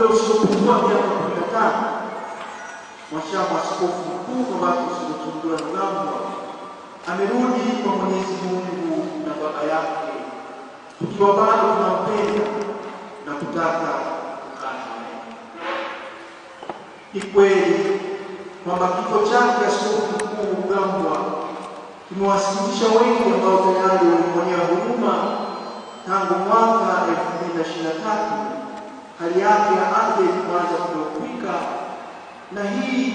muda usiopungua miaka kumi na tano Mhashamu Askofu Mkuu Novatus Rutundura Rugambwa amerudi kwa Mwenyezi Mungu na Baba yake, tukiwa bado tunampenda na kutaka kukaa naye. Ni kweli kwamba kifo chake Askofu Mkuu Rugambwa kimewasikitisha wengi ambao tayari walimwonea huruma tangu mwaka elfu mbili na ishirini na tatu hali yake ya afya ilipoanza kudhoofika, na hii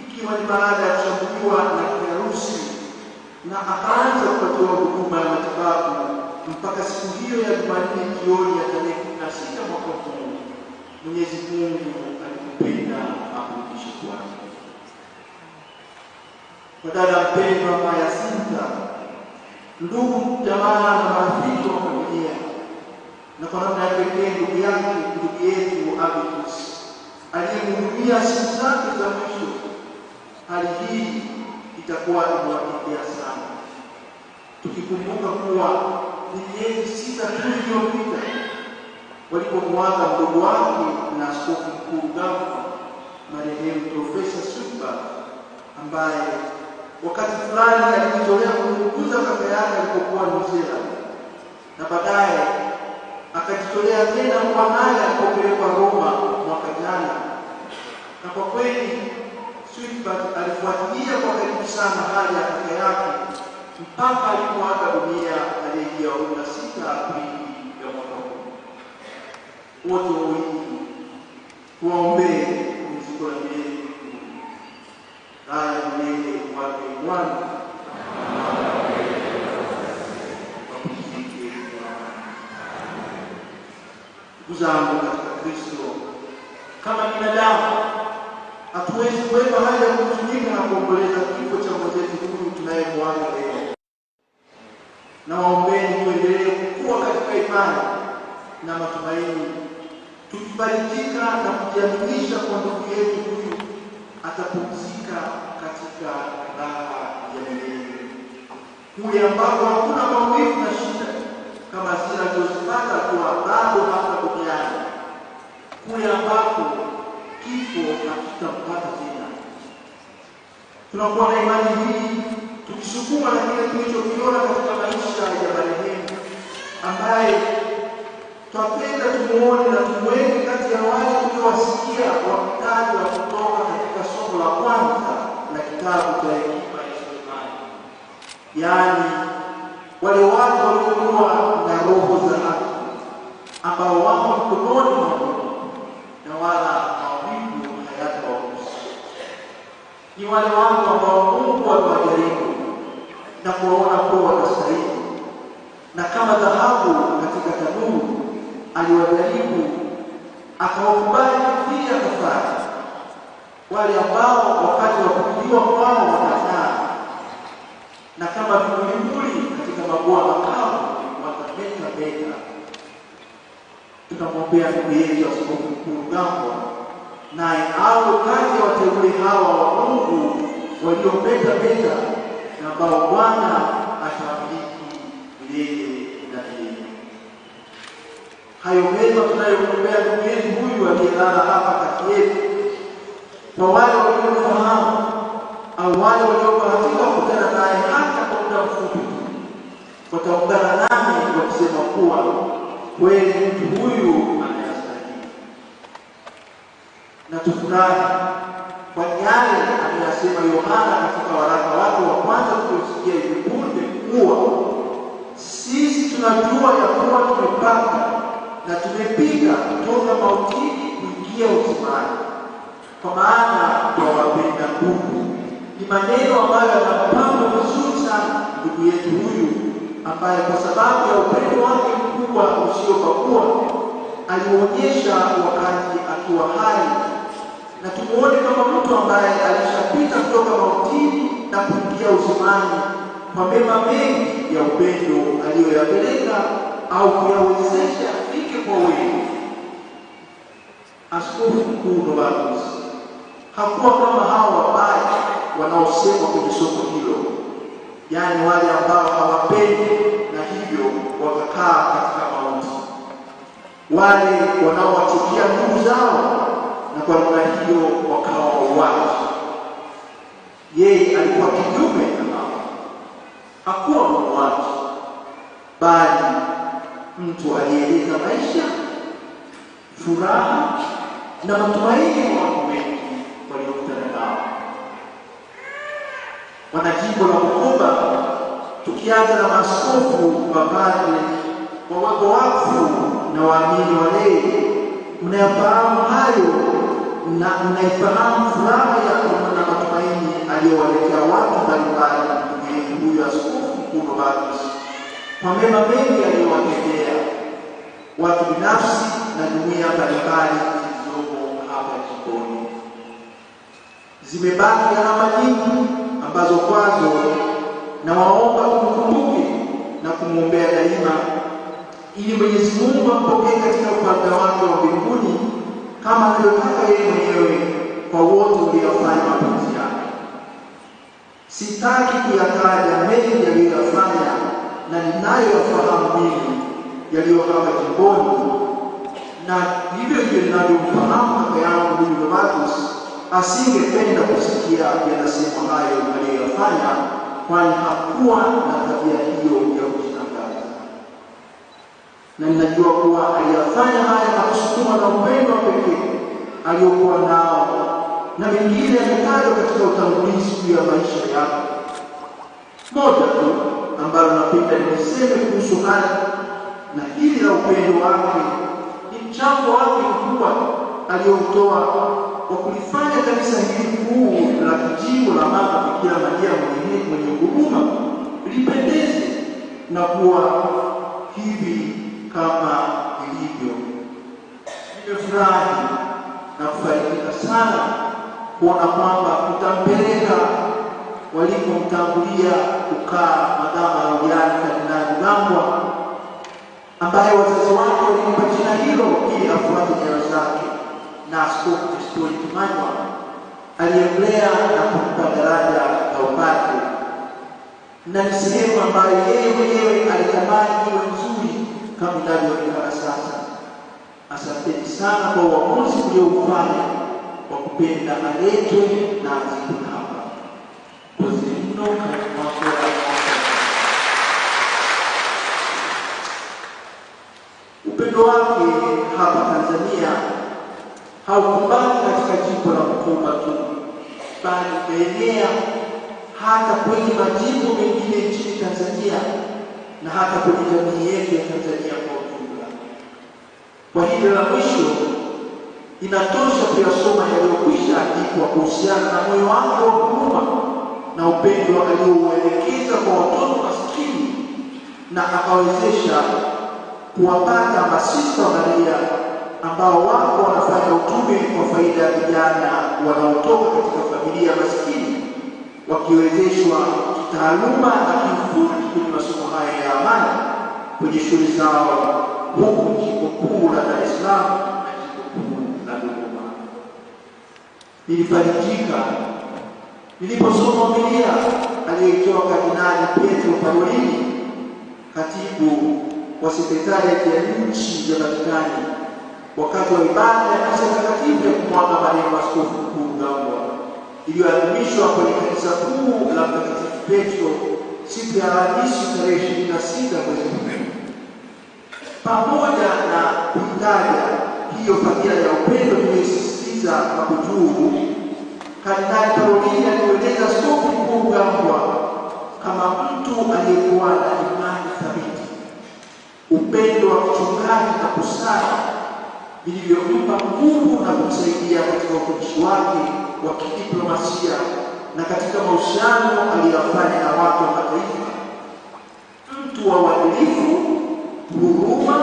ikiwa ni baada ya kushambuliwa na kiharusi, na akaanza kupatiwa huduma ya matibabu mpaka siku hiyo ya Jumanne jioni ya tarehe kumi na sita mwaka huu. Mwenyezi Mungu alikupenda akurudishe kwake. Kwa dada mpendwa Maya Sinta, ndugu, jamaa na marafiki na kwa namna ya pekee ndugu yake, ndugu yetu Abacus aliyemuhudumia siku zake za mwisho, hali hii itakuwa imewapitia sana, tukikumbuka kuwa ni miezi sita tu iliyopita walipomwaga mdogo wake na askofu mkuu Rugambwa marehemu Profesa Suba ambaye wakati fulani alijitolea kumguza kaka yake alipokuwa New Zealand na baadaye akajitolea tena kwa mali alipopelekwa Roma mwaka jana, na kwa kweli Switbert alifuatilia kwa karibu sana hali ya kaka yake mpaka alipoaga dunia aliyejia umri sita Aprili ya mwaka huu. Wote wawili tuwaombee kumzikwa la Haya ni wake Bwana Ndugu zangu katika Kristo, kama binadamu hatuwezi kuweka hali ya kuhuzunika na kuomboleza kifo cha mwenzetu huyu tunayemwaga leo, na waombeni tuendelee kukua katika imani na matumaini, tukibarikika na kujiaminisha kwa ndugu yetu huyu atapumzika katika raha ya milele, kule ambako hakuna maumivu na tutampata tena. Tunakuwa na imani hii tukisukuma na kile tulichokiona katika maisha ya marehemu ambaye twapenda tumuone na tumweke kati ya wale tuliowasikia wa kutoka katika somo la kwanza la kitabu cha Hekima ya Sulemani, yaani wale watu waliokuwa na roho za haki ambao wako mkononi mwa ni wale watu ambao Mungu amewajaribu na kuwaona kuwa wanastahili, na kama dhahabu katika tanuru aliwajaribu akawakubali pia kafara, wale ambao wakati wa kujiwa kwao wakataa, na kama vivulivuli katika mabua makavu meta Tunamwombea ndugu yetu Askofu Mkuu Rugambwa naye wateule hawa wa Mungu waliopeta peta na ambao Bwana atawabariki yeye na yeye. Hayo mema tunayomwombea ndugu yetu huyu aliyelala hapa kati yetu, kwa wale waliomfahamu au wale waliobahatika kukutana naye hata kwa muda mfupi, wataungana nami kwa kusema kuwa kweli mtu huyu anayastahili na tufurahi kwa yale aliyasema Yohana katika waraka wake wa kwanza tuliosikia hivi punde, kuwa sisi tunajua ya kuwa tumepata na tumepiga kutoka mautini kuingia uzimani, kwa maana twawapenda Mungu. Ni maneno ambayo yanapangwa vizuri sana ndugu yetu huyu, ambaye kwa sababu ya upendo wake mkubwa usiopakua alionyesha wakati akiwa hai na tumuone kama mtu ambaye alishapita kutoka mautini na kuingia uzimani kwa mema mengi ya upendo aliyoyapeleka au kuyawezesha fike kwa wengi. Askofu Mkuu Novatus hakuwa kama hao wabaya wanaosema kwenye soko hilo, yaani wale ambao hawapendi na hivyo wakakaa katika mauti, wale wanaowachukia ndugu zao na kwa namna hiyo wakawa wauaji. Yeye alikuwa kinyume na mama, hakuwa muuaji, bali mtu aliyeleta maisha, furaha na matumaini ya watu wengi waliokutana nao. Wanajimbo la Bukoba, tukianza na maaskofu, mapadre, wawako wakfu na waamini walei, mnayafahamu hayo na naifahamu furaha ya huruma na matumaini aliyowaletea watu mbalimbali mtumishi huyu askofu mkuu Novatus kwa mema mengi aliyowatendea watu binafsi na jumuiya mbalimbali zilizomo hapa jikoni. Zimebaki alama nyingi ambazo kwazo na waomba kumkumbuke na kumwombea daima, ili Mwenyezi Mungu ampokee katika upande wake wa mbinguni kama alivyotaka yeye mwenyewe kwa wote uliyofanya mapenzi yake. Sitaki kuyataja mengi yaliyoyafanya na ninayoyafahamu mimi yaliyokawa jimboni, na hivyo hivyo ninavyomfahamu kaka yangu huyu Novatus, asingependa kusikia yanasemwa hayo aliyoyafanya, kwani hakuwa na tabia hiyo na ninajua kuwa aliyafanya haya na kusukuma na upendo wa pekee aliyokuwa nao na mengine yametajwa katika utangulizi juu ya maisha yako. Moja tu ambalo napenda niseme kuhusu haya na hili la upendo wake ni mchango wake mkubwa aliyoutoa kwa kulifanya kanisa hili kuu la kijivu la Mama Bikira Maria mwenye huruma lipendeze na kuwa hivi kama ilivyo. Nimefurahi na kufaidika sana kuona kwamba tutampeleka walipomtangulia kukaa madama ya ujani Kardinali Rugambwa ambaye wazazi wake walimpa jina hilo ili afuate nyayo zake, na Askofu Nestori Kimanywa aliyemlea na kumpa daraja la upadre, na ni sehemu ambayo yeye mwenyewe alitamani sana kwa uamuzi ulioufanya kwa kupenda aletwe na mno upendo wake hapa Tanzania haukumbani katika jimbo la Bukoba tu, bali umeenea hata kwenye majimbo mengine nchini Tanzania na hata kwenye jamii yetu ya Tanzania. Kwa hivyo la mwisho, inatosha kuyasoma yaliyokwisha andikwa kuhusiana na moyo wake wa huruma na upendo aliouelekeza kwa watoto maskini na akawezesha kuwapata masista Maria ambao wako wanafanya utume kwa faida ya vijana wanaotoka katika familia maskini, wakiwezeshwa kitaaluma na kiufundi kwenye masomo haya ya amani kwenye shughuli zao huu jimbo kuu la Dar es Salaam na jimbo kuu la Dodoma. Nilifarijika niliposoma homilia aliyoitoa Kardinali Pietro Parolini, katibu wa sekretariati ya nchi ya Vatikani, wakati wa ibada ya misa takatifu ya kumwaga marehemu Askofu Mkuu Rugambwa iliyoadhimishwa kwenye kanisa kuu la Mtakatifu Petro siku ya Alhamisi tarehe 26 mwezi pamoja na kuitaja hiyo fadhila ya upendo imesisitiza na kutubu, Kardinali Parolin alieleza Askofu Mkuu Rugambwa kama mtu aliyekuwa na imani thabiti, upendo wa kichungaji na kusali vilivyompa nguvu na kumsaidia katika utumishi wake wa kidiplomasia na katika mahusiano aliyofanya na watu wa mataifa, mtu wa uadilifu huruma,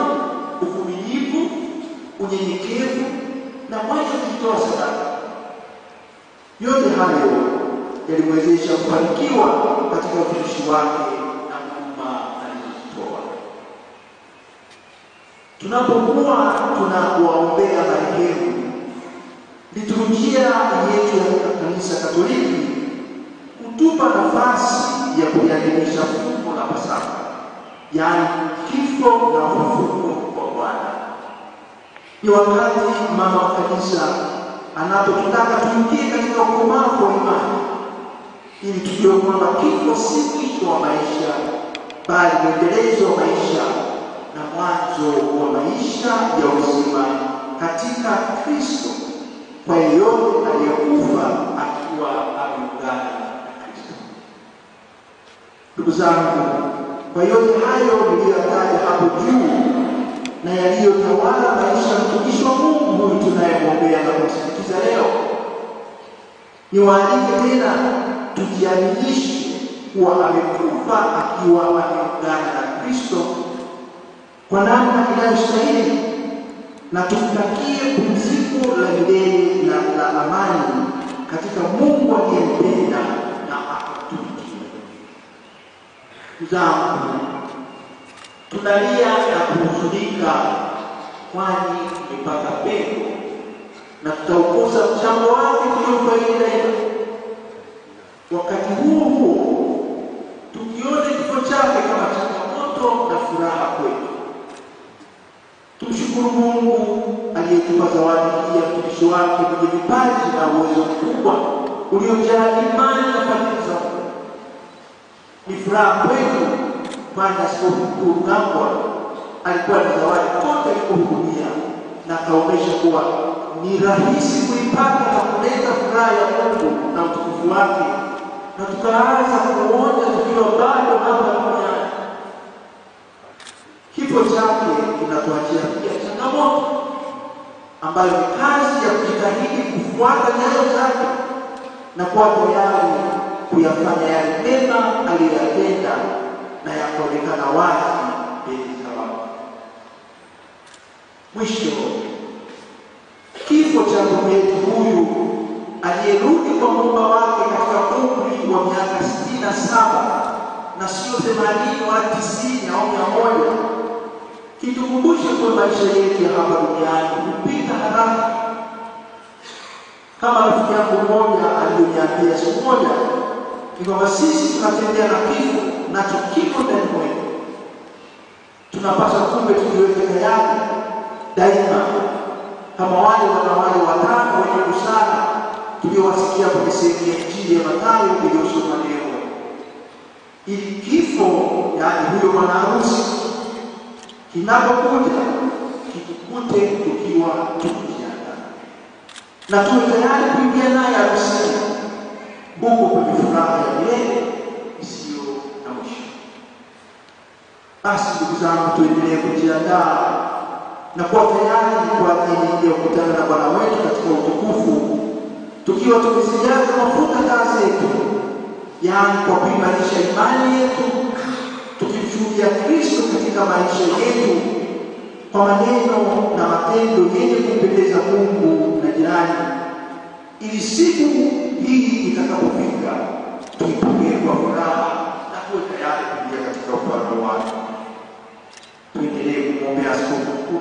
uvumilivu, unyenyekevu na mwacho kujitoa sadaka. Yote hayo yalimwezesha kufanikiwa katika utumishi wake na huduma alizotoa. Tunapokuwa tunawaombea marehemu, liturujia yetu ya Kanisa Katoliki kutupa nafasi ya kuiadhimisha fungu la Pasaka, yaani pigo na ufunuo wa Bwana. Ni wakati mama wa kanisa anapotutaka tuingie katika ukomavu wa imani, ili tujue kwamba kifo si mwisho wa maisha, bali mwendelezo wa maisha na mwanzo wa maisha ya uzima katika Kristo kwa yeyote aliyekufa akiwa ameungana na Kristo. Ndugu zangu kwa hiyo hayo niliyotaja hapo juu na yaliyotawala maisha mtumishi wa Mungu huyu tunayemwombea na kumsindikiza leo, niwaalike tena tujiaminishe kuwa amekufa akiwa ameungana na Kristo kwa namna inayostahili na tumtakie pumziko la milele na la amani katika Mungu aliyempenda zangu, tunalia na kuhuzunika, kwani tumepata pepo na tutaukuza mchango wake tuliofaida Wakati huo huo, tukione kifo chake kama changamoto na furaha kwetu. Tumshukuru Mungu aliyetupa zawadi hii ya mtumishi wake kwenye vipaji na uwezo mkubwa uliojaa imani na fadhili za ni furaha kwetu, maana Askofu Mkuu Rugambwa alikuwa na zawadi kote alikohudumia, na akaonyesha kuwa ni rahisi kuipata na kuleta furaha ya Mungu na utukufu wake, na tukaanza kuona tukiwa bado hapa duniani. Kifo chake kinatuachia pia changamoto ambayo ni kazi ya kujitahidi kufuata nyayo zake na kuwa tayari kuyafanya yale mema aliyoyatenda na yakaonekana wazi yenye thawabu. Mwisho, kifo cha ndugu yetu huyu aliyerudi kwa muumba wake katika umri wa miaka sitini na saba na sio themanini wala tisini au mia moja kitukumbushe kwa maisha yetu ya hapa duniani kupita haraka, kama rafiki yangu mmoja aliyoniambia siku moja ni kwamba sisi tunatembea na kifo nacho kiko ndani mwetu. Tunapaswa kumbe tujiweke tayari daima, kama wale wanawali watano wenye busara tuliowasikia kwenye sehemu ya Injili ya Mathayo iliyosoma leo, ili kifo, yaani huyo bwana harusi, kinapokuja kikukute tukiwa tukujiandaa na tuwe tayari kuingia naye harusini. Mungu kwenye furaha ya milele isiyo na mwisho. Basi ndugu zangu, tuendelee kujiandaa na kuwa tayari kwa ajili ya kukutana na Bwana wetu katika utukufu, tukiwa tumezijaza mafuta taa zetu, yaani kwa kuimarisha imani yetu, tukimshuhudia Kristo katika maisha yetu kwa maneno na matendo yenye kumpendeza Mungu na jirani, ili siku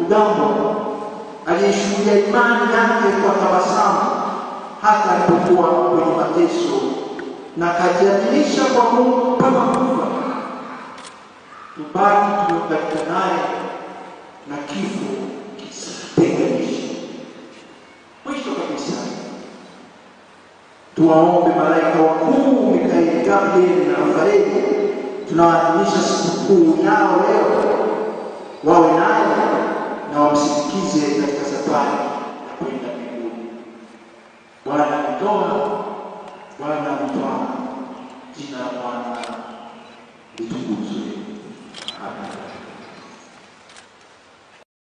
Ugambo aliyeshuhudia imani yake kwa tabasamu hata alipokuwa kwenye mateso na kajiadilisha kwa Mungu mpaka kufa. Tubaki tumeunganika naye na kifo kisitenganishe. Mwisho kabisa, tuwaombe malaika wakuu Mikaeli, Gabrieli na Rafaeli tunawaadhimisha sikukuu yao leo, wawe naye tujiingize katika safari ya kwenda mbinguni. Bwana ametoa, Bwana ametwaa, jina la Bwana